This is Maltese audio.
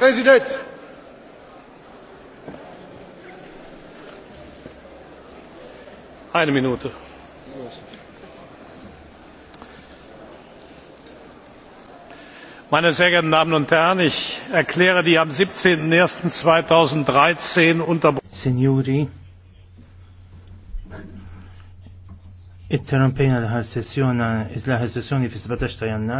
President. Eine Minute. Meine sehr geehrten Damen und Herren, ich erkläre die am 17.01.2013 unter... Signori, it-terrampejna l-ħar sessjoni fi 17 jannar.